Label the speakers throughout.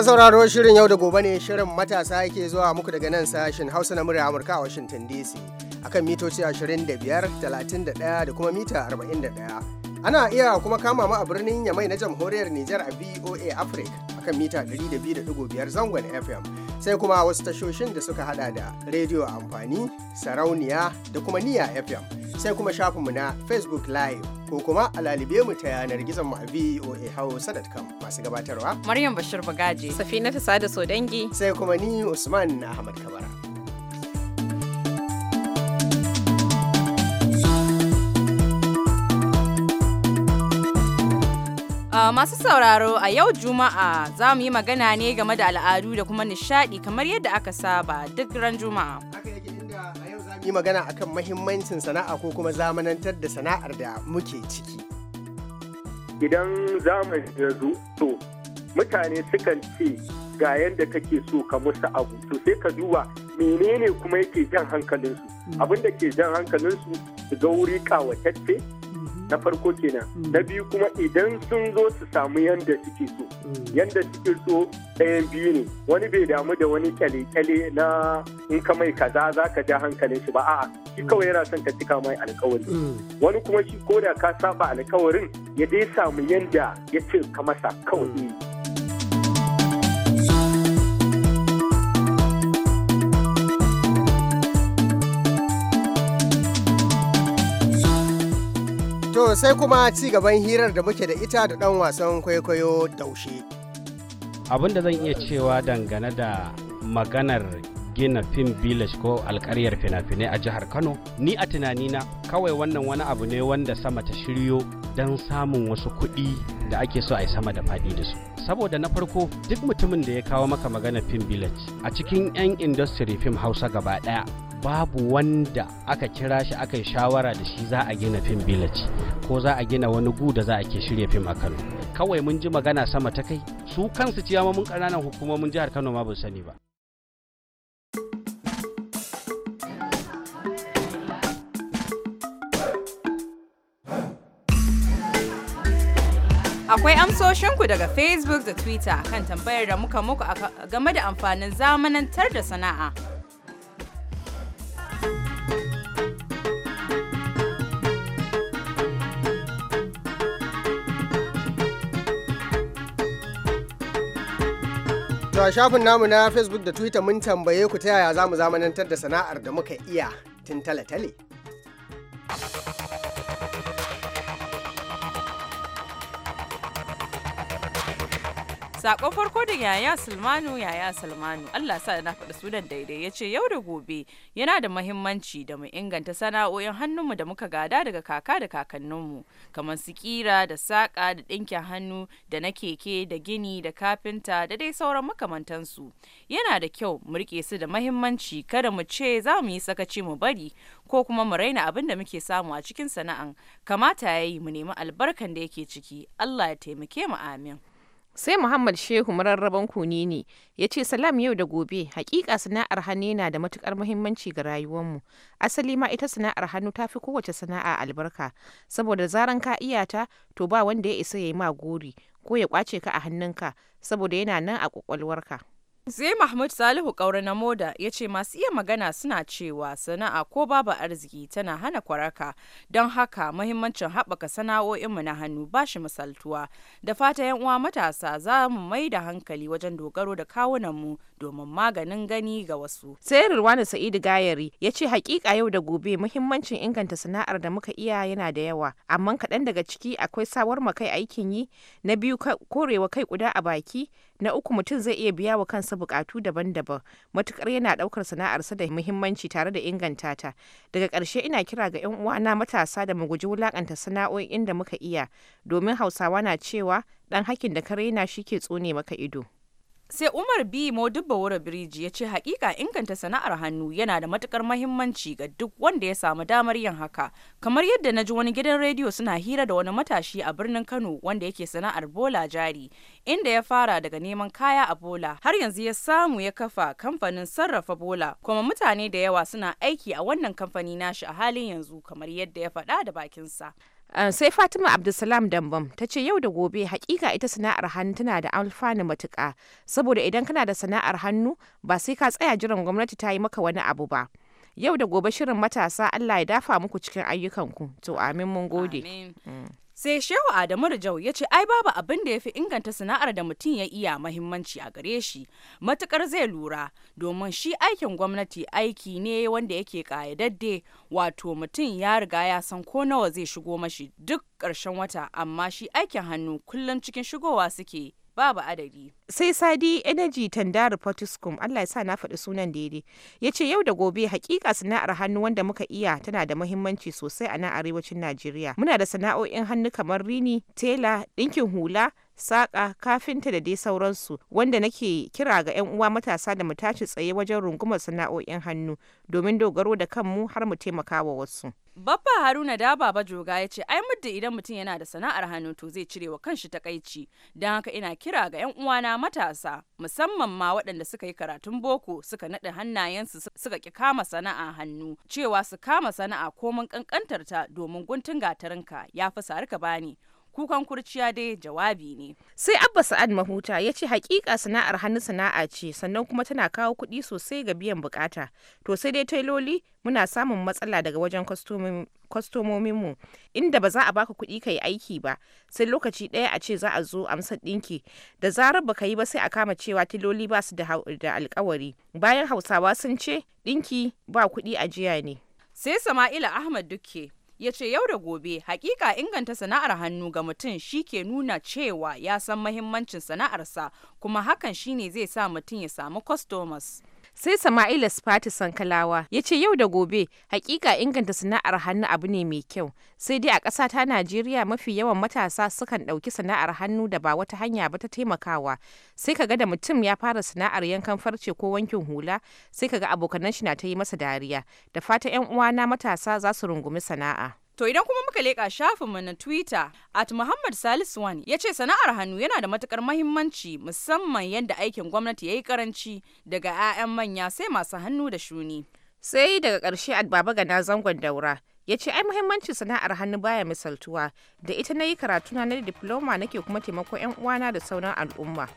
Speaker 1: sauraro shirin yau da gobe ne shirin matasa yake zuwa muku daga nan sashen Hausa na murya Amurka a Washington DC akan mitoci 25, 31 da kuma mita 41. Ana iya kuma kama mu a birnin Yamai na jamhuriyar Nijar a VOA Africa akan mita 102.5 zangon FM. sai kuma wasu tashoshin da suka hada da rediyo amfani sarauniya da kuma niya fm sai kuma shafinmu na facebook live ko kuma a mu ta yanar gizon mu a voa hausa.com masu gabatarwa
Speaker 2: maryam bashir
Speaker 3: bagaji safina ta sada sodangi sai kuma ni usman ahmad kabara
Speaker 2: Uh, masu sauraro a yau Juma'a za mu yi magana ne game da al'adu da kuma nishadi kamar yadda aka saba duk ran Juma'a.
Speaker 1: yi magana akan mahimmancin sana'a ko kuma zamanantar da sana'ar da
Speaker 4: muke ciki. Idan zamani ya zo, to mutane sukan ce ga yadda kake so ka musu abu, to sai ka duba menene kuma yake jan hankalinsu. Hmm. Abin da ke jan hankalinsu su ga wuri kawatacce, na farko kenan hmm. na biyu kuma idan sun zo su samu yanda suke so hmm. yanda suke so ɗayan biyu ne wani bai damu da wani kyale-kyale na in ka mai kaza za ka ja hankalin shi ba a'a shi hmm. kawai yana son ka cika mai alkawari wani kuma shi ko da ka saba alkawarin ya dai samu yanda ya ce ka masa kawai
Speaker 1: sosai kuma ci gaban hirar da muke da ita da ɗan wasan kwaikwayo taushe.
Speaker 5: Abin da zan iya cewa dangane da maganar gina fim village ko alkaryar fina-finai a jihar Kano, ni a tunanina kawai wannan wani abu ne wanda sama ta shiryo don samun wasu kuɗi da ake so a yi sama da faɗi da su saboda na farko duk mutumin da ya kawo maka magana fim village a cikin 'yan industry fim hausa gaba ɗaya babu wanda aka kira shi aka yi shawara da shi za a gina fim village ko za a gina wani gu da za a ke shirya fim a kano kawai mun ji magana sama ta kai su kansu mun ƙananan hukumomin jihar kano ma ba sani ba
Speaker 2: Akwai amsoshinku daga Facebook da Twitter kan tambayar da muka muku game da amfanin zamanantar da sana'a.
Speaker 1: To a shafin namu na Facebook da Twitter mun tambaye ku ta yaya za mu zamanantar da sana'ar da muka iya tun tale-tale.
Speaker 2: Sakon farko da yaya sulmanu yaya sulmanu Allah sa na faɗi sunan daidai ya ce yau da gobe yana da mahimmanci da mu inganta sana'o'in hannunmu da muka gada daga kaka da kakanninmu kamar su kira da saƙa da ɗinkin hannu da na keke da gini da kafinta da dai sauran makamantansu. Yana da kyau mu riƙe su da mahimmanci kada mu ce za mu yi sakaci mu bari ko kuma mu raina abin da muke samu a cikin sana'an kamata ya yi mu nemi albarkan da yake ciki Allah ya taimake mu amin.
Speaker 3: sai muhammad shehu mararraban kuni ne ya ce salam yau da gobe hakika sana'ar hannu yana da matukar muhimmanci ga rayuwarmu asali ma ita sana'ar hannu ta fi kowace sana'a albarka saboda zaran ka iyata to ba wanda ya isa ya yi ma gori ko ya kwace ka a hannunka saboda yana nan a kwakwalwarka
Speaker 2: Sai Mahmud Salihu Kaura na Moda ya ce masu iya magana suna cewa sana'a ko babu arziki tana hana kwaraka don haka mahimmancin haɓaka sana'o'inmu na hannu ba shi misaltuwa da fata yan uwa matasa za mu mai da hankali wajen dogaro da
Speaker 3: kawunanmu domin
Speaker 2: maganin gani ga wasu.
Speaker 3: Sai Rirwani Sa'idu Gayari ya ce hakika yau da gobe muhimmancin inganta sana'ar da muka iya yana da yawa amma kaɗan daga ciki akwai sawar kai aikin yi na biyu korewa kai kuda a baki na uku mutum zai iya biya wa kansa wasu bukatu daban-daban matukar yana daukar sana'arsa da muhimmanci tare da inganta ta daga karshe ina kira ga 'yan uwana matasa da mu guji wulakanta sana'o'in da muka iya domin hausawa na cewa dan hakkin da ka raina shi ke tsone maka ido
Speaker 2: sai umar b modibba wura biriji ya ce hakika inganta sana'ar hannu yana da matukar mahimmanci ga duk wanda ya samu damar yin haka kamar yadda na ji wani gidan rediyo suna hira da wani matashi a birnin kano wanda yake sana'ar bola jari inda ya fara daga neman kaya a bola har yanzu ya samu ya kafa kamfanin sarrafa bola kuma mutane da yawa suna aiki a wannan kamfani nashi a halin yanzu kamar yadda ya faɗa da bakinsa
Speaker 3: Eh, sai fatima abdulsalam dambam ta ce yau da gobe hakika ita sana'ar hannu tana da alfanu matuka saboda idan kana da sana'ar hannu ba sai ka tsaya jiran gwamnati ta yi maka wani abu ba yau da gobe shirin matasa allah ya dafa muku cikin ayyukanku to amin mun gode mm.
Speaker 2: Sai Shehu Adamu Rajau ya ce ai babu abin da ya fi inganta sana'ar da mutum ya iya mahimmanci a gare shi matukar zai lura domin shi aikin gwamnati aiki ne wanda yake ƙayadadde wato mutum ya riga ya san ko nawa zai shigo mashi duk ƙarshen wata amma shi aikin hannu kullum cikin shigowa suke babu adadi.
Speaker 3: Sai Sadi Energy Tanda Potiskum, Allah ya sa na faɗi sunan daidai, ya ce yau da gobe hakika sana'ar hannu wanda muka iya tana da muhimmanci sosai a nan arewacin Najeriya. Muna da sana'o'in hannu kamar rini, tela, ɗinkin hula, saƙa kafinta da dai sauransu wanda nake kira ga 'yan uwa matasa da mu tashi tsaye wajen rungumar sana'o'in hannu domin dogaro da kanmu har mu taimaka wa wasu.
Speaker 2: Baffa Haruna da Baba Joga ya ce ai mudda idan mutum yana da sana'ar hannu to zai cire wa kanshi takaici don haka ina kira ga 'yan uwana matasa musamman ma waɗanda suka yi karatun boko suka naɗa hannayensu suka ki kama sana'a hannu cewa su kama sana'a komin ƙanƙantar ta domin guntun gatarinka ya fi sarika bani
Speaker 3: kukan kurciya dai jawabi ne. Sai Abba Sa'ad Mahuta ya ce hakika sana'ar hannu sana'a ce sannan kuma tana kawo kuɗi sosai ga biyan bukata. To sai dai tailoli muna samun matsala daga wajen kwastomominmu inda ba za a baka kuɗi ka yi aiki ba sai lokaci ɗaya a ce za a zo amsar ɗinki da zarar baka yi ba sai a kama cewa tiloli ba su da alkawari bayan hausawa sun ce ɗinki ba kuɗi ajiya ne.
Speaker 2: Sai Sama'ila Ahmad Dukke ya ce yau da gobe hakika inganta sana'ar hannu ga mutum shi ke nuna cewa ya san mahimmancin sana'arsa kuma hakan shine zai sa mutum ya samu customers.
Speaker 3: sai sama'ila sifati sankalawa ya ce yau da gobe hakika inganta sana'ar hannu abu ne mai kyau sai dai a ƙasa ta najeriya mafi yawan matasa sukan ɗauki sana'ar hannu da ba wata hanya ba ta taimakawa sai kaga da mutum ya fara sana'ar yankan farce ko wankin hula sai kaga abokanan shi na ta yi masa dariya da fata 'yan uwana matasa za su rungumi sana'a
Speaker 2: To idan kuma muka leƙa shafinmu na Twitter, at Muhammad Salisu Wan ya ce sana'ar hannu yana da matukar mahimmanci musamman yadda aikin gwamnati ya yi karanci daga 'ya'yan manya sai masu hannu da
Speaker 3: shuni. Sai daga ƙarshe at Baba Gana zangon daura. ya ce ai muhimmancin sana'ar hannu baya misaltuwa da ita na yi karatu na diploma nake kuma taimako 'yan uwana da sauran al'umma.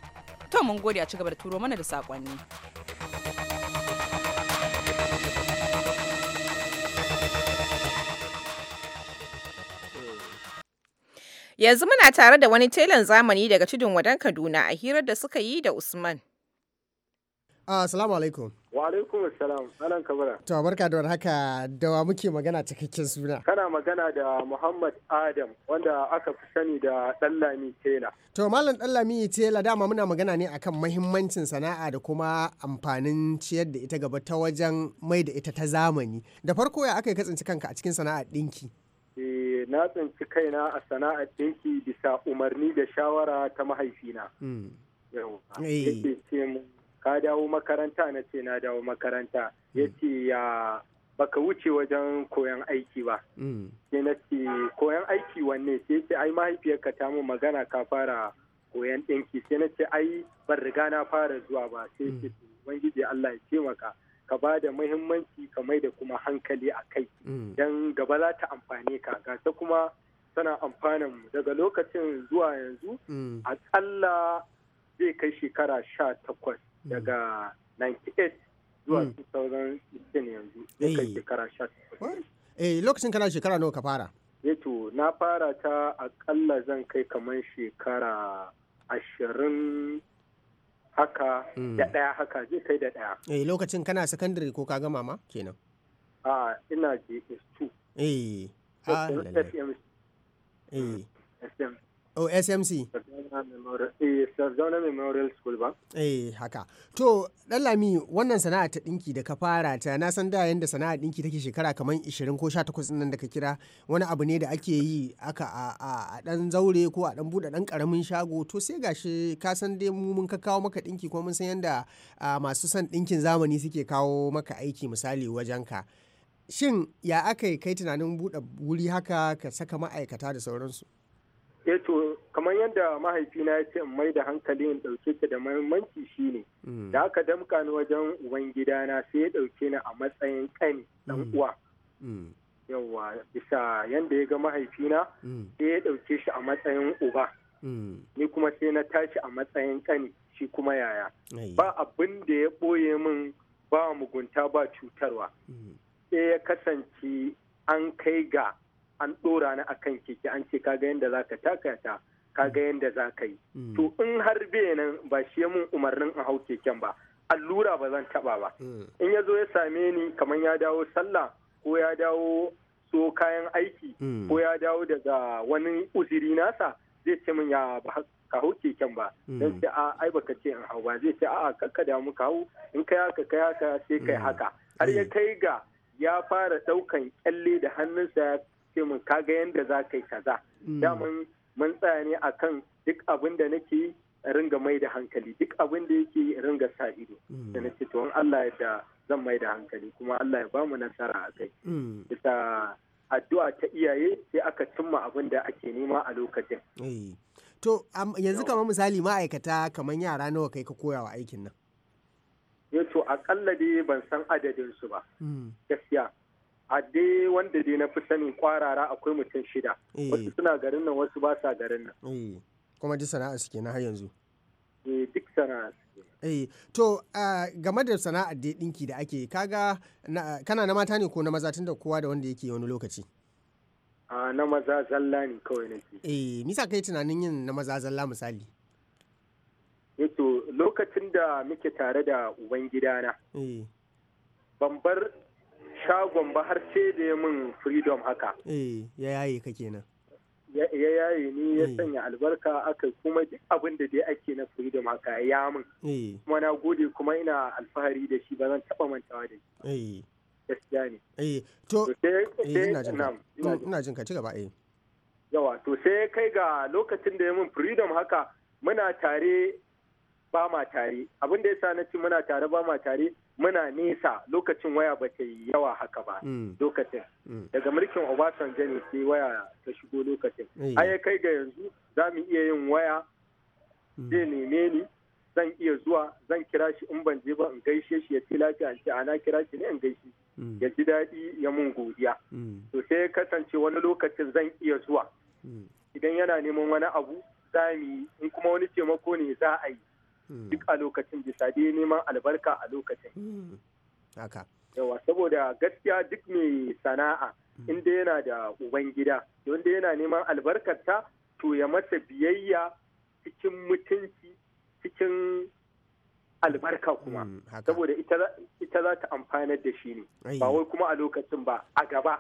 Speaker 3: To mun gode a ci gaba da turo mana da saƙonni. Yanzu muna tare da wani telan zamani daga tudun wadan Kaduna a hirar da suka yi da Usman.
Speaker 1: Ah, assalamu alaikum.
Speaker 4: Wa alaikum assalam. Alan kabara. To
Speaker 3: barka
Speaker 1: da warhaka da wa muke magana cikakken suna.
Speaker 4: Kana magana da Muhammad Adam wanda aka fi sani da Dallami Tela.
Speaker 1: To Malam Dallami Tela dama muna magana ne akan mahimmancin sana'a da kuma amfanin ciyar da ita gaba ta wajen mai da ita ta zamani. Da farko ya aka yi katsinci kanka a cikin sana'a ɗinki.
Speaker 4: Eh, na tsinci kaina a sana'ar ɗinki bisa umarni da shawara ta mahaifina. Hmm. Eh. yake ce ka dawo makaranta na ce na dawo makaranta. Hmm. Yace ya baka wuce wajen koyan aiki ba. Hmm. Sai na ce koyan aiki wanne sai ce ai mahaifiyarka ta mu magana ka fara koyan ɗinki sai na ce ai ban riga na fara zuwa ba sai ce Ubangiji Allah ya taimaka. ka ba da muhimmanci ka mai da kuma hankali a kai mm. don gaba za ta amfani ka gasa kuma tana amfanin mu daga lokacin zuwa yanzu mm. A tsalla zai kai shekara sha takwas mm. daga 98 zuwa 2016 yanzu zai kai shekara sha takwas
Speaker 1: eh lokacin kana shekara nawa ka fara
Speaker 4: eh to na fara ta aƙalla zan kai kamar shekara ashirin haka mm. da ɗaya haka zai kai da ɗaya.
Speaker 1: Eh lokacin kana sakandare ko ka gama ma kenan?
Speaker 4: A ina gs 2
Speaker 1: Eh. Ah, FMC. Eh. oh smc
Speaker 4: sardauna memorial school ba
Speaker 1: eh haka to dan lami wannan sana'a ta ɗinki da ka fara ta na san da yadda sana'a dinki take shekara kamar 20 ko 18 nan da ka kira wani abu ne da ake yi aka a ɗan zaure ko a ɗan buɗe ɗan ƙaramin shago to sai gashi ka san dai mu mun ka kawo maka ɗinki ko mun san yadda masu son ɗinkin zamani suke kawo maka aiki misali wajen ka shin ya aka yi kai tunanin buɗe wuri haka ka saka ma'aikata da sauransu
Speaker 4: eto eh, kamar yadda mahaifina ya ce mai da hankali in ɗauke ta da mahimmanci shine mm. da aka damka ni wajen uban gidana sai ya ɗauke ni a matsayin ƙani ɗan mm. uwa mm. yawa bisa yadda ya ga mahaifina sai ya ɗauke shi a matsayin uba ni kuma sai na tashi a matsayin ƙani shi kuma yaya ba abin da ya ɓoye min ba mugunta ba cutarwa sai ya kasance an kai ga an ɗora ni akan keke an ce kaga yadda za ka kaga yadda za ka yi mm. to in har nan ba shi mun umarnin in hau keken ba allura ba zan taba ba mm. in ya zo ya same ni kamar ya dawo sallah ko ya dawo so kayan aiki mm. ko ya dawo daga wani uziri nasa zai ce min ya ka hau keken ba don ce a ai baka ce in hau ba zai ce a'a kakka da mu ka hau in kai haka kai haka sai kai haka har ya kai ga ya fara daukan ƙyalle da hannunsa ya ce mun kaga yadda za ka yi kaza mm. daman mun tsaya ne a kan duk abin da nake ringa mai da hankali duk abin da yake ringa sa ido mm. da na ce tuwon Allah ya da zan mai da hankali kuma Allah ya bamu nasara a kai mm. bisa addu'a ta iyaye sai aka cimma abin da ake nema a lokacin
Speaker 1: to yanzu kamar misali ma'aikata kamar yara nawa kai ka koya wa aikin nan
Speaker 4: yato eh to akalla dai ban san adadin su ba gaskiya a dai wanda dai na fi sani kwarara akwai mutum shida eh. wasu suna garin nan wasu ba sa garin
Speaker 1: nan kuma duk sana'a suke na har yanzu
Speaker 4: eh duk sana'a
Speaker 1: Eh, to game da sana'ar dai dinki da ake kaga na, kana na mata ne ko na maza tunda kowa da wanda yake wani lokaci
Speaker 4: a na maza zalla ne kawai nake eh
Speaker 1: misa kai tunanin yin na maza zalla misali
Speaker 4: eh, to lokacin da muke tare da uban gidana eh. ban bar shagon ba har sai da ya min freedom haka
Speaker 1: eh ya yaye ka kenan
Speaker 4: ya yaye ni ya eh. sanya albarka aka kuma duk abin da dai ake na freedom haka ya min eh. kuma na gode kuma ina alfahari da shi ba zan taba mantawa da
Speaker 1: shi eh. gaskiya ne eh
Speaker 4: to ina
Speaker 1: jin ka ci gaba eh
Speaker 4: yawa to sai kai ga lokacin da ya min freedom haka muna tare ba ma tare abin da yasa na ci muna tare ba ma tare muna nesa lokacin waya ba ta yi yawa haka ba mm. lokacin mm. daga mulkin obasanjo ne sai waya ta shigo lokacin ai kai ga yanzu za mu iya yin waya mm. zai neme ni zan iya zuwa zan kira shi in ban je ba in gaishe shi ya ce lafiya in ce ana kira shi ne in gaishe ya ji daɗi ya mun godiya to sai ya kasance wani lokacin zan iya zuwa idan yana neman wani abu za mu yi in kuma wani taimako ne za a yi Hmm. duk a lokacin bisa dai neman albarka a lokacin hmm. yawa saboda gaskiya duk mai sana'a hmm. inda yana da ubangida wanda yana neman albarkarta to ya mata biyayya cikin mutunci cikin albarka kuma saboda ita za ta amfanar da shi ne ba wai kuma a lokacin ba a gaba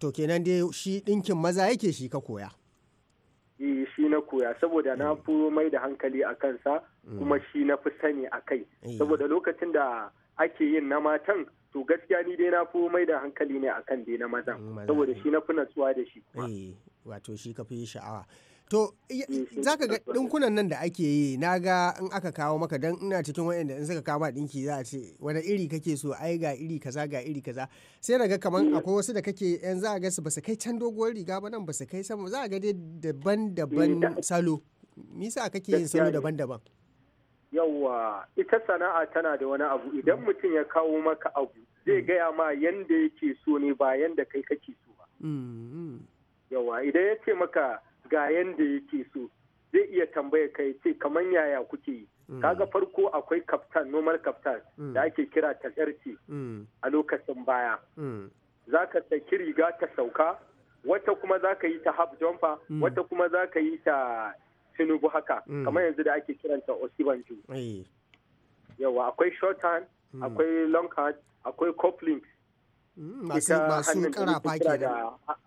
Speaker 1: to kenan dai shi ɗinkin maza yake shi ka koya
Speaker 4: shi na koya saboda na mm. fi mai da hankali a kansa mm. kuma shi na fi sani a kai eh. saboda lokacin da ake yin na matan to gaskiya ni dai na fi mai da hankali ne a kan dai na mazan mm, saboda shi eh. na fi natsuwa da shi eh, wato shi ka fi sha'awa To, mm, mm, za ka ga ɗinkunan
Speaker 1: nan da ake yi, na ga in aka kawo maka don ina cikin waɗanda in suka kama ɗinki za a ce, wani iri kake so, ai ga iri kaza ga iri kaza. Sai na ga kamar mm. akwai wasu da kake yan za a ga su ba su kai can doguwar riga ba nan ba su kai sama, za a ga dai daban-daban salo. Nisa kake yin salo daban-daban.
Speaker 4: Yawwa, ita sana'a tana da wani abu, idan mutum ya kawo maka abu, zai gaya ma yanda yake so ne ba yanda kai kake so ba. Yawwa, idan ya ce maka ga yanda yake so zai iya tambaya kai ce kamar yaya kuke yi mm. kaga farko akwai kaftan normal kaftan mm. da ake kira ta yarce mm. a lokacin baya za ka saki riga ta sauka wata kuma za ka yi ta half jumper wata kuma za ka yi ta tinubu haka kamar yanzu da ake kiranta osibanju yawa akwai short hand akwai long hand akwai coupling
Speaker 1: masu karafa kenan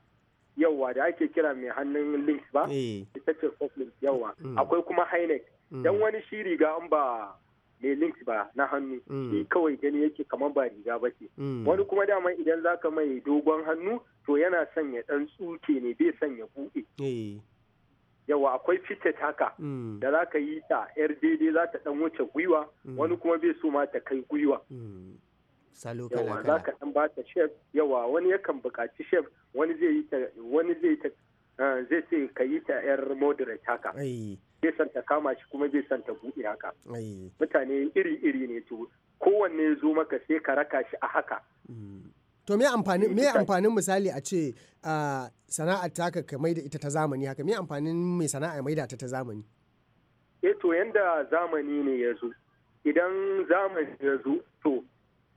Speaker 4: yawa da ake kira mai hannun links ba eh. ita ce links yawa mm. akwai kuma hainek mm. dan wani shi riga an ba mai links ba na hannu ne mm. kawai gani yake kamar ba riga ba ce wani kuma dama idan zaka mai dogon hannu to yana sanya dan tsuke ne bai sanya buɗe eh. yawa akwai fitet haka da za ka yi ta yar daidai za ta dan wuce gwiwa wani kuma bai so ma ta kai gwiwa
Speaker 1: salo kala kala za
Speaker 4: ka ba bata chef yawa wani yakan buƙaci chef wani zai yi ta wani zai ta eh, zai ce ka yi ta yar moderate haka zai san ta kama shi kuma zai san ta buɗe haka mutane iri iri ne to kowanne ya zo maka sai ka raka shi a haka mm.
Speaker 1: to me amfanin me amfanin misali a ce sana'ar taka ka maida ita ta zamani haka me amfanin mai sana'a maida ta ta zamani
Speaker 4: eh to yanda zamani ne ya zo idan zamani ya zo to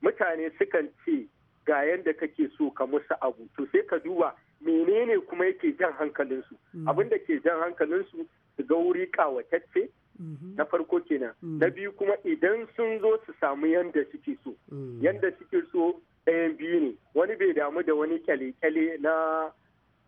Speaker 4: mutane sukan ce ga yadda kake so ka musu abu to sai ka duba menene kuma yake jan hankalinsu mm. abin da ke jan hankalinsu su ga wuri kawatacce mm-hmm. na farko kenan mm. na biyu kuma idan sun zo su samu yadda suke so mm. yadda suke so ɗayan biyu ne wani bai damu da wani kyale-kyale na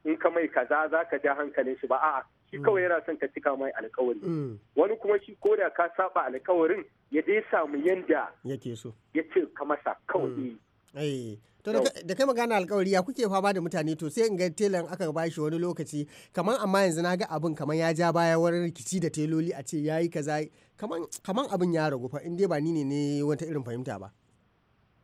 Speaker 4: in ka mai kaza za ka ja hankalin shi ba a'a shi kawai mm. yana son ka cika mai alkawari mm. wani kuma shi ko da ka saba alkawarin ya dai samu yanda yake so ya ce ka masa kawai mm. eh. Eh. to
Speaker 1: da kai magana alkawari ya kuke fama da mutane to sai in ga telan aka ba shi wani lokaci kamar amma yanzu na ga abin kamar ya ja baya wurin rikici da teloli a ce yayi kaza kamar abin ya ragu fa in dai ba ni ne ne wata irin fahimta ba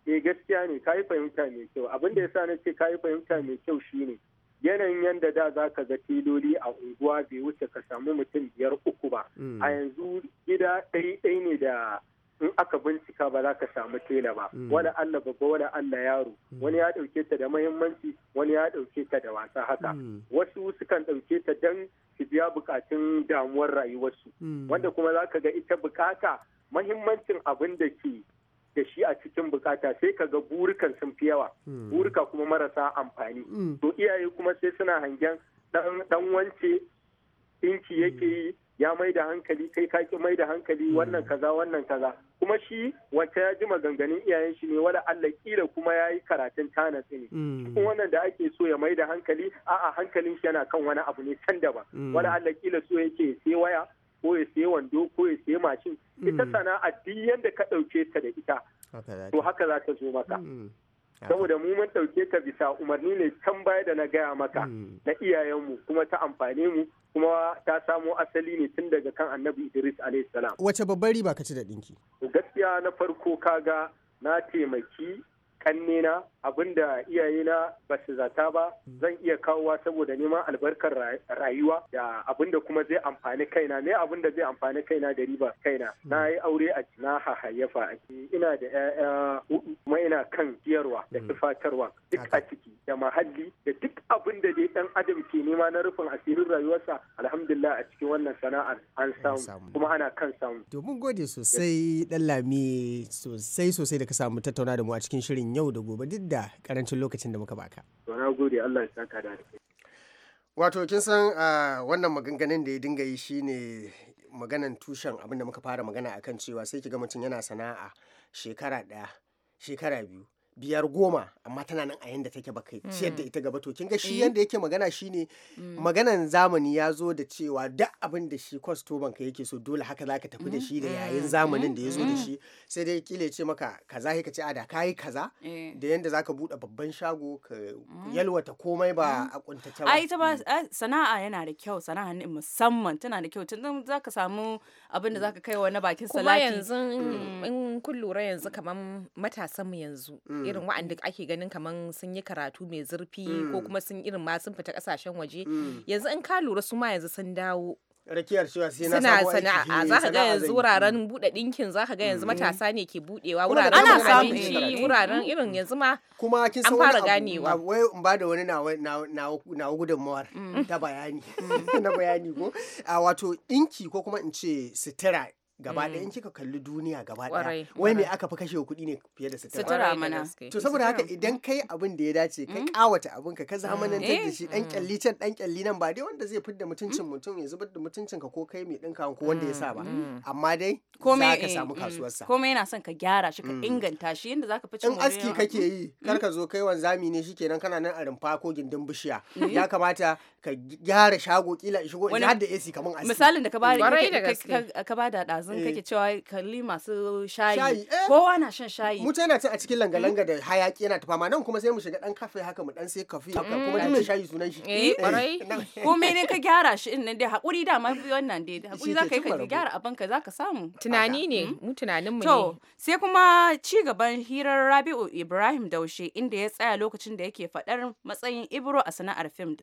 Speaker 4: eh gaskiya ne kayi fahimta mai kyau abin da sa na ce kayi fahimta mai kyau shine yanayin yadda da za ka ga filoli a unguwa bai wuce ka samu mutum biyar uku ba mm. a yanzu gida ɗari ɗaya ne da in aka bincika ba za ka samu tela ba mm. wani allah babba wani allah yaro mm. wani ya ɗauke ta da mahimmanci wani ya ɗauke ta da wasa haka wasu sukan ɗauke ta don su biya bukatun damuwar rayuwarsu wanda kuma za ka ga ita bukata mahimmancin abin da ke da shi a cikin bukata sai ka ga burukan sun fi yawa hmm. buruka kuma marasa amfani hmm. to iyaye kuma sai suna hangen dan wance inci hmm. yake yi ya mai da hankali kai ka ki mai da hankali wannan kaza wannan kaza kuma shi wacce ya ji maganganun iyayen shi ne wala Allah kira kuma ya yi karatun tana ne cikin wannan da ake so ya mai da hankali a'a hankalin shi yana kan wani abu ne can daban wala Allah kila so yake sai waya ko ya wando ko ya siya mashin ita hmm. sana'a duk yadda ka ɗauke ta da ita to haka za ta zo maka hmm. saboda mu mun ɗauke ta bisa umarni ne can baya da na gaya maka hmm. na iyayenmu kuma ta amfane mu kuma ta samo asali ne tun daga kan annabi idris alayhi salam
Speaker 1: wace babbar riba ka ci da ɗinki
Speaker 4: gaskiya na farko kaga na taimaki kannena abin da iyayena ba su zata ba hmm. zan iya kawowa saboda neman albarkar rayuwa da abin da kuma zai amfani kaina ne abin da zai amfani kaina da riba kaina hmm. na yi aure a na hahayyafa a ina da ƴaƴa hudu kuma ina kan ciyarwa da hmm. tufatarwa duk a ciki da mahalli da duk abin da dai dan adam ke nema na rufin asirin rayuwarsa alhamdulillah a cikin wannan sana'ar an samu kuma ana kan samu to mun gode sosai
Speaker 1: dan lami sosai sosai da ka samu tattauna da mu a cikin shirin yau da gobe duk da da karancin lokacin da muka baka.
Speaker 4: Wana gode Allah ya saka da
Speaker 1: Wato kin san ah, wannan maganganun da ya dinga yi shine maganan tushen abin da muka fara magana akan cewa sai ki ga mutum yana sana'a shekara ɗaya shekara biyu biyar goma amma tana nan a yadda take baka hmm. ciyar da ita gaba to kin ga shi eh. yadda yake magana shine hmm. maganan zamani ya zo da cewa duk abin da shi kwastoman ka yake so dole haka zaka tafi da hmm. shi da eh. yayin zamanin da ya zo da shi sai dai ya ce maka kaza ka ce ada kayi kaza eh. da yadda zaka buɗe babban shago ka yalwata komai ba a kuntace ba ai ta
Speaker 2: ba sana'a yana da kyau sana'a ne musamman
Speaker 3: tana da kyau tun zaka samu abin da zaka kai wa na bakin salati kuma yanzu in kun lura yanzu kaman matasan yanzu irin mm. waɗanda ake ganin kaman sun yi karatu mai zurfi ko mm. kuma sun irin ma sun fita kasashen waje mm. yanzu in ka lura su ma yanzu sun dawo
Speaker 1: rakiyar cewa sai na samu sana'a za ka ga yanzu wuraren
Speaker 3: buɗe ɗinkin za ka ga yanzu matasa ne ke buɗewa wuraren abinci wuraren irin yanzu ma kuma kin san fara ganewa wai
Speaker 1: in ba da wani na gudunmawar ta bayani na bayani ko ah, wato dinki ko kuma in ce sitira. gaba ɗaya mm. in kika kalli duniya gaba ɗaya wai me aka fi kashe kuɗi ne fiye da sutura mana to saboda haka idan kai abin da ya dace ka kawata mm. abin ka ka zamanantar eh. da shi dan kyalli mm. can dan kyalli nan ba dai wanda zai fidda mutuncin mutum ya zubar da mutuncin ka ko kai mai ɗinka ko wanda ya sa ba amma dai za ka samu eh, kasuwarsa komai
Speaker 2: yana son ka gyara shi ka inganta shi yadda zaka fi cin in aski kake yi
Speaker 1: kar ka zo kai wanzami ne shikenan kana nan a rumfa ko gindin bishiya ya kamata ka gyara shago kila shigo ina da AC kaman aski misalin da ka bada
Speaker 2: ka bada ɗazun eh. kake cewa kalli masu shayi eh. kowa na shan shayi mu
Speaker 1: tana ta a cikin langa-langa eh. da hayaki yana tafa ma nan kuma sai mu shiga dan kafe haka mu dan sai kafe haka mm. kuma dan shayi sunan shi eh kwarai ko ne
Speaker 2: ka gyara shi in nan dai hakuri da ma fi wannan dai hakuri za ka yi ka gyara abin ka za ka samu tunani ne mm. mu tunanin mu ne to sai kuma ci gaban hirar Rabi'u Ibrahim Daushe inda ya tsaya lokacin da yake faɗar matsayin Ibro a sana'ar fim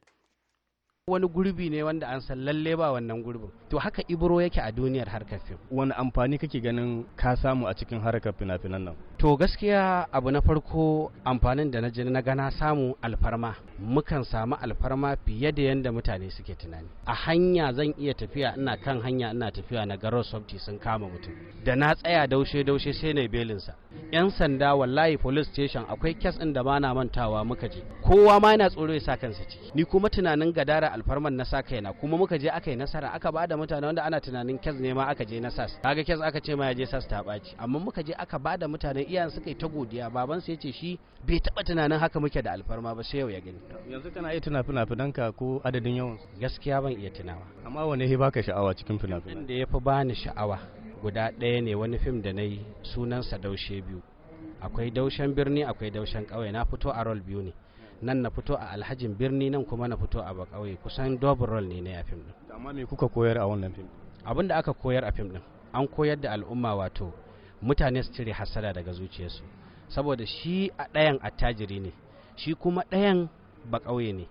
Speaker 5: wani gurbi ne wanda an san lalle ba wannan gurbin to haka ibro yake a duniyar harkar fim wani amfani kake ganin ka samu a cikin harkar
Speaker 6: fina-finan nan
Speaker 5: to gaskiya abu na farko amfanin da na ji na gana samu alfarma mukan samu alfarma fiye da yadda mutane suke tunani a hanya zan iya tafiya ina kan hanya ina tafiya na garo softi sun kama mutum da na tsaya daushe daushe sai na belinsa yan sanda wallahi police station akwai kes din da ba na mantawa muka je kowa ma yana tsoro ya sa kansa ciki ni kuma tunanin gadara alfarman na sa kaina kuma muka je aka yi nasara aka ba da mutane wanda ana tunanin kes ne ma aka je na sas kaga kes aka ce ma ya je sas ta baci amma muka je aka ba da mutane iyayen suka yi ta godiya baban sai ce shi bai taba tunanin haka muke da alfarma ba sai yau ya gani
Speaker 6: yanzu kana iya tuna fina finan ka ko adadin yawan gaskiya ban iya tunawa amma wane ya baka sha'awa cikin fina-finan
Speaker 5: da ya fi bani sha'awa guda ɗaya ne wani fim da na yi sunansa daushe biyu akwai daushen birni akwai daushen ƙauye na fito a rol biyu ne nan na fito a alhajin birni nan kuma na fito a bakauye kusan dobin rol ne na ya fim din
Speaker 6: amma me kuka koyar a wannan fim
Speaker 5: abin da aka koyar a fim din an koyar da al'umma wato mutane su cire hasada daga zuciyarsu saboda shi a ɗayan attajiri ne shi kuma ɗayan ba ƙauye ne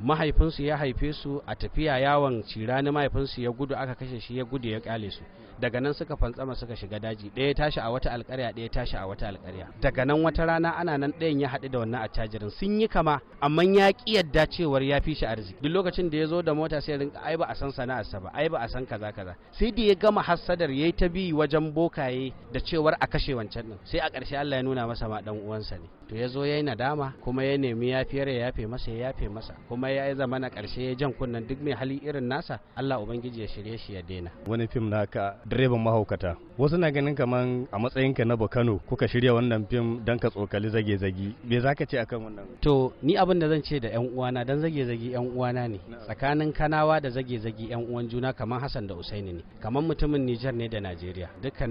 Speaker 5: mahaifinsu ya haife su a tafiya yawon cira na mahaifinsu ya gudu aka kashe shi ya gudu ya ƙyale su daga nan suka fantsama suka shiga daji ɗaya tashi a wata alƙarya ɗaya tashi a wata alƙarya daga nan wata rana ana nan ɗayan ya haɗu da wannan attajirin sun yi kama amma ya ƙi yadda cewar ya fi shi arziki duk lokacin da ya zo da mota sai rinka ai ba a san sana'arsa ba ai ba a san kaza kaza sai da ya gama hassadar yayi ta bi wajen bokaye da cewar a kashe wancan din sai a ƙarshe Allah ya nuna masa ma dan uwansa ne to ya zo ya yi nadama kuma ya nemi fiyar ya yafe masa ya yafe masa kuma ya yi zamana ƙarshe ya jan kunnen duk mai hali irin nasa Allah ubangiji ya shirye shi ya daina
Speaker 6: wani fim naka direban mahaukata wasu na ganin kaman a matsayinka na bakano kuka shirya wannan fim don ka tsokali zage-zage me za ka ce akan wannan to ni
Speaker 5: abin da zan ce da yan uwana don zage-zage yan uwana ne tsakanin kanawa da zage-zage yan uwan juna kamar hassan da usaini ne kaman mutumin nijar ne da najeriya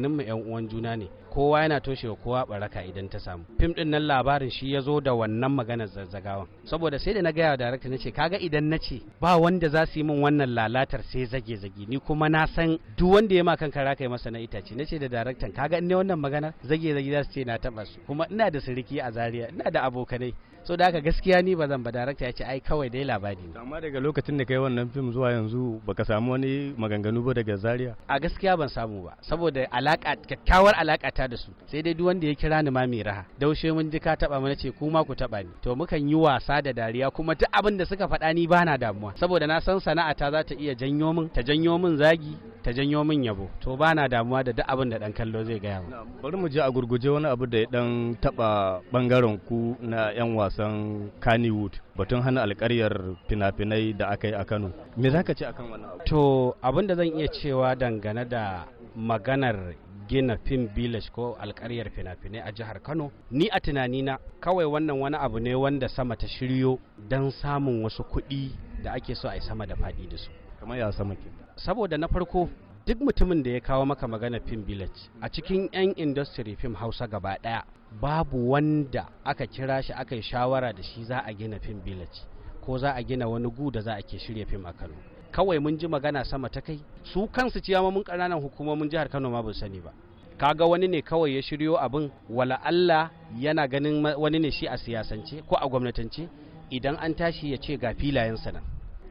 Speaker 5: mu yan uwan juna ne kowa yana toshe wa kowa baraka idan ta samu fim din nan labarin shi ya zo da wannan maganar zazzagawa saboda sai da na gaya wa darakta na ce kaga idan na ce ba wanda za su yi min wannan lalatar sai zage-zage ni kuma na san duk wanda ya maka akan kara kai masa na itace nace da daraktan kaga in ne wannan magana zage zage za su ce na taba su kuma ina da siriki a Zariya ina da abokanai so da haka gaskiya ni ba zan ba darakta ya ce ai kawai dai labari ne
Speaker 6: amma daga lokacin da kai wannan fim zuwa yanzu baka samu wani maganganu ba daga Zariya.
Speaker 5: a gaskiya ban samu ba saboda alaka kyakkyawar alaka ta da su sai dai duk wanda ya kira ni ma mai raha daushe mun ji ka taba mu ce kuma ku taba ni to mukan yi wasa da dariya kuma duk abin da suka faɗa ni bana damuwa saboda na san sana'a ta za ta iya janyo min ta janyo min zagi ta janyo min yabo to ba na damuwa da duk abin da dan kallo zai gaya mu
Speaker 6: bari mu je a gurguje wani abu da ya dan taba bangaren ku na yan wasan Kannywood batun hana alƙaryar fina-finai da aka yi a Kano me zaka ce akan wannan abu to
Speaker 5: abin da zan iya cewa dangane da maganar gina fim village ko alƙaryar fina-finai a jihar kano ni a tunani na kawai wannan wani abu ne wanda sama ta shiryo dan samun wasu kuɗi da ake so a yi sama da faɗi da su
Speaker 6: kamar ya sama ke
Speaker 5: saboda na farko duk mutumin da ya kawo maka magana fim village a cikin 'yan industry fim hausa gaba daya babu wanda aka kira shi aka yi shawara da shi za a gina fim village ko za a gina wani gu da za a ke shirya fim a kano kawai mun ji magana sama ta kai su kansu ma mun ƙananan hukumomin jihar kano ma ban sani ba Ka ga wani ne kawai ya shiryo abin wala Allah yana ganin wani ne shi a siyasance ko a gwamnatance idan an tashi ya ce ga filayen nan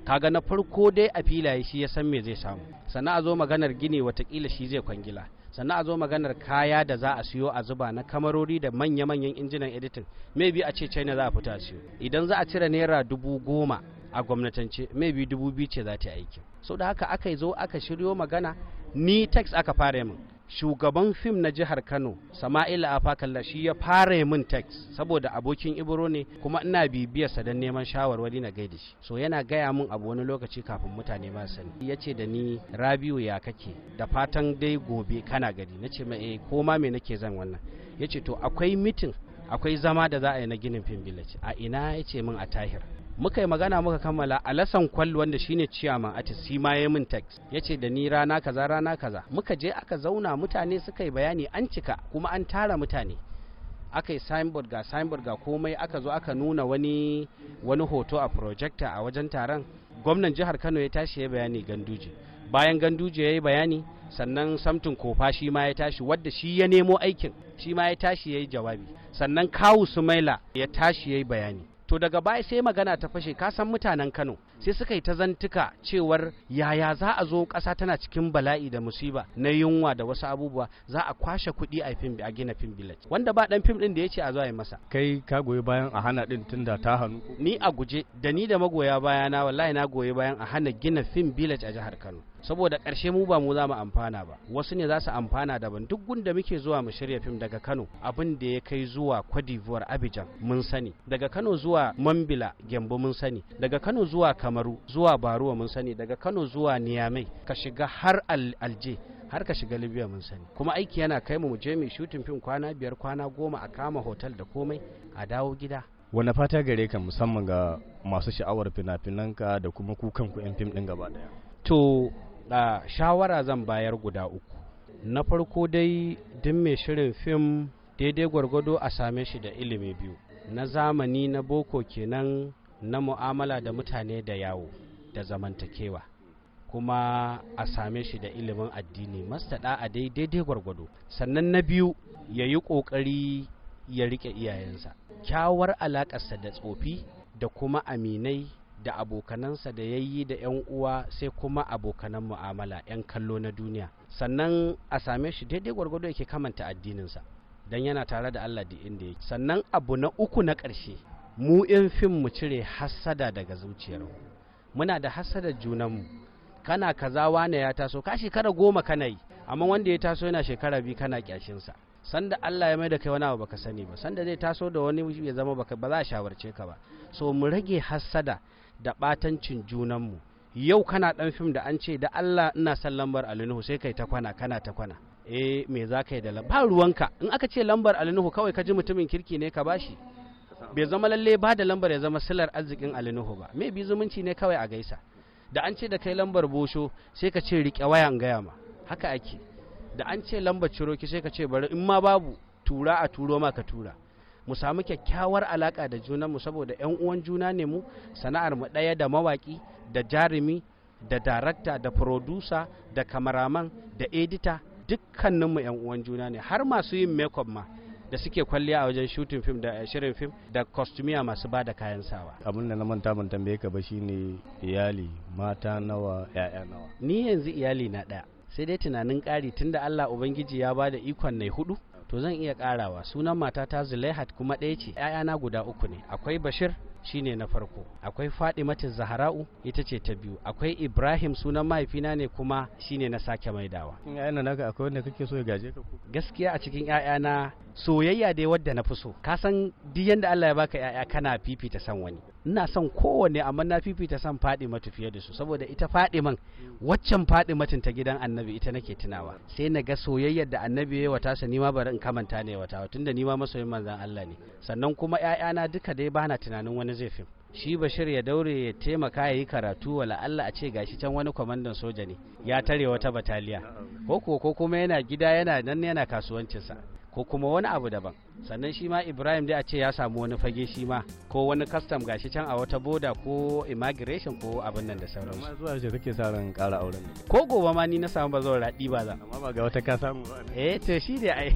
Speaker 5: kaga na farko dai a filaye shi ya san me zai samu sannan a zo maganar gini watakila shi zai kwangila sannan a zo maganar kaya da za a siyo a zuba na kamarori da manya-manyan injinan editing maybe a ce china za a fita siyo idan za a cire naira dubu goma a gwamnatance maybe dubu biyu ce za ta yi aiki so da haka aka zo aka shiryo magana ni tax aka fara min shugaban fim na jihar kano sama'ila afakalla shi ya fara min text saboda abokin ibro ne kuma ina bibiyarsa don neman shawarwari na gaida shi so yana gaya min abu wani lokaci kafin mutane ma sani ya da ni rabiu ya kake da fatan dai gobe kana gari na ce mai eh, ko ma me nake zan wannan yace to akwai mitin akwai zama da za a yi na ginin fim village a ina yace min a tahir muka yi magana muka kammala alasan kwal wanda shine ciyaman ati si ma ya min text ce da ni rana kaza rana kaza muka je aka zauna mutane suka yi bayani an cika kuma an tara mutane aka yi signboard ga signboard ga komai aka zo aka nuna wani wani hoto a projector a wajen taron gwamnan jihar Kano ya tashi ya bayani ganduje bayan ganduje ya yi bayani sannan samtin kofa shi ma ya tashi wadda shi ya nemo aikin shi ma ya tashi ya yi jawabi sannan kawu sumaila ya tashi ya yi bayani to daga baya sai magana ta fashe ka san mutanen Kano sai suka yi ta zantuka cewar yaya za a zo ƙasa tana cikin bala'i da musiba na yunwa da wasu abubuwa za a kwashe kuɗi a fim a gina fim village wanda ba dan fim din da ya a zo a yi masa
Speaker 6: kai ka goyi bayan a hana din tunda ta hannu
Speaker 5: ni a guje da ni da magoya bayana wallahi na goyi bayan a hana gina fim village a jihar Kano saboda ƙarshe mu ba mu za mu amfana ba wasu ne za su amfana daban duk gunda muke zuwa mu shirya fim daga Kano abin da ya kai zuwa kwadivuwar abijan mun sani daga Kano zuwa Mambila Gembo mun sani daga Kano zuwa Kamaru zuwa Baruwa mun sani daga Kano zuwa Niamey ka shiga har Alje har ka shiga libya mun sani kuma aiki yana kai mu je mu shooting fim kwana biyar kwana goma a kama hotel da komai a dawo gida
Speaker 6: wani fata gare ka musamman ga masu sha'awar fina-finanka da kuma kukan ku 'yan fim din gaba daya to
Speaker 5: da shawara zan bayar guda uku na farko dai duk mai shirin fim daidai gwargwado a same shi da ilimi biyu na zamani na boko kenan na mu'amala da mutane da yawo da zamantakewa kuma a same shi da ilimin addini mastaɗa a dai daidai gwargwado sannan na biyu ya yi ƙoƙari ya riƙe iyayensa kyawar alaƙarsa da tsofi da kuma aminai da abokanansa da ya yi da 'yan uwa sai kuma abokanan mu'amala 'yan kallo na duniya sannan a same shi daidai gwargwado yake kamanta addininsa don yana tare da allah da inda yake sannan abu na uku na ƙarshe mu 'yan fim mu cire hassada daga zuciyar muna da hassada junanmu kana kaza wane ya taso ka shekara goma kana yi amma wanda ya taso yana shekara biyu kana kyashinsa sanda Allah ya mai da kai wani abu baka sani ba sanda zai taso da wani ya zama baka ba za a shawarce ka ba so mu rage hassada da ɓatancin junanmu yau kana ɗan fim da an ce da Allah ina san lambar alinuhu sai kai ta kwana kana ta kwana eh me za ka yi da ba ruwanka in aka ce lambar alinuhu kawai ka ji mutumin kirki ne ka bashi bai zama lalle ba da lambar ya zama silar arzikin alinuhu ba me bi zumunci ne kawai a gaisa da an ce da kai lambar bosho sai ka ce riƙe wayan gaya ma haka ake da an ce lambar ciroki sai ka ce bari in ma babu tura a turo ma ka tura mu samu kyakkyawar alaka da junanmu saboda 'yan uwan juna ne mu sana'ar mu ɗaya da mawaki da jarumi da darakta da furodusa da kamaraman da edita dukkaninmu 'yan uwan juna ne har masu yin makeup ma da suke kwalliya a wajen shooting film da eh, shirin film da kostumiya masu ba da kayan sawa
Speaker 6: abin da na manta ban tambaye ka ba shine iyali mata nawa ya'ya nawa ni
Speaker 5: yanzu iyali na ɗaya sai dai tunanin ƙari tunda Allah ubangiji ya ba da ikon nai hudu to zan iya karawa sunan matata zulaihat kuma ɗaya ce ‘ya'yana guda uku ne akwai bashir shine na farko akwai fadimata zahara'u ita ce ta biyu akwai ibrahim sunan mahaifina ne kuma shine na sake maidawa gaskiya a cikin ƴaƴana soyayya dai wadda na fi so ka san duk yanda Allah ya baka yaya kana fifita san wani ina son kowanne amma na fifita san matu fiye da su saboda ita man waccan matin ta gidan Annabi ita nake tunawa sai na ga soyayyar da Annabi ya wata sa nima bari in kamanta ne wata tunda nima masoyin manzon Allah ne sannan kuma ƴaƴana duka dai bana tunanin wani zai fi shi bashir ya daure ya taimaka ya yi karatu wala Allah a ce gashi can wani kwamandan soja ne ya tare wata bataliya ko ko kuma yana gida yana nan yana kasuwancinsa ko kuma wani abu daban sannan shi ma ibrahim dai a ce ya samu wani fage shi ma ko wani kastam gashi can a wata boda ko immigration ko abin nan da sauransu amma
Speaker 6: zuwa ce take sa ran kara auren
Speaker 5: ko gobe ma ni na samu bazawar radi ba za amma ba ga
Speaker 6: wata ka samu ba
Speaker 5: eh to shi dai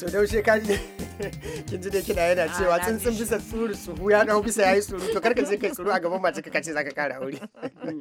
Speaker 1: ai to ka kaji kin ji dai kina yana cewa ah, tsuntsun bisa suru su ya dawo bisa yayi suru to karka je kai suru a gaban mace kaka ce zaka kara aure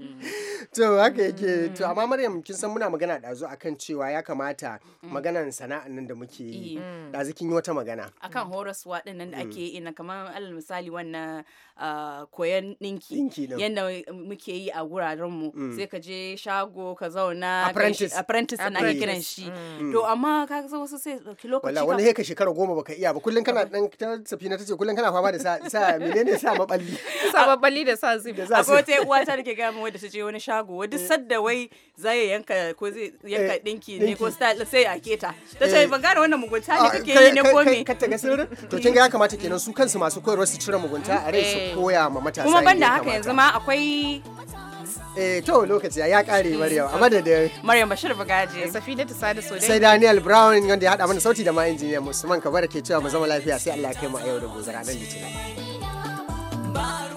Speaker 1: to haka yake to mm. amma Maryam kin san muna magana dazu akan cewa ya kamata mm. maganan sana'an nan da muke yi dazu eh. mm. kin yi wata magana
Speaker 2: akan horaswa din nan da ake yi na kamar alal misali wannan ah, koyan dinki yanda muke yi a guraren mu sai ka je shago ka zauna apprentice apprentice ana kiran shi to amma ka ga wasu sai lokaci wala wani ka
Speaker 1: shekara goma baka iya ba kullum kana dan ta safina tace kullum kana fama da sa sa menene sa maballi
Speaker 3: sa maballi da sa zip akwai wata uwa
Speaker 2: ta rike ga mu da je wani shago wadda eh. sadda wai zai yanka ko zai yanka dinki eh, ne ko style sai a keta tace eh. ban gane wannan mugunta ne ah, kake yi ne ko
Speaker 1: me ka ga sirrin to kin ga ya kamata kenan su kansu masu koyarwa su cire mugunta a rai su koya ma matasa kuma banda haka yanzu ma akwai eh to lokaci ya kare Maryam a madadin
Speaker 2: Maryam Bashir da Safina sada so. sai Daniel
Speaker 1: Brown wanda ya hada mana sauti da ma injiniya Usman Kabara ke cewa mu zama lafiya sai Allah ya kai mu a yau da gobe ranar Litinin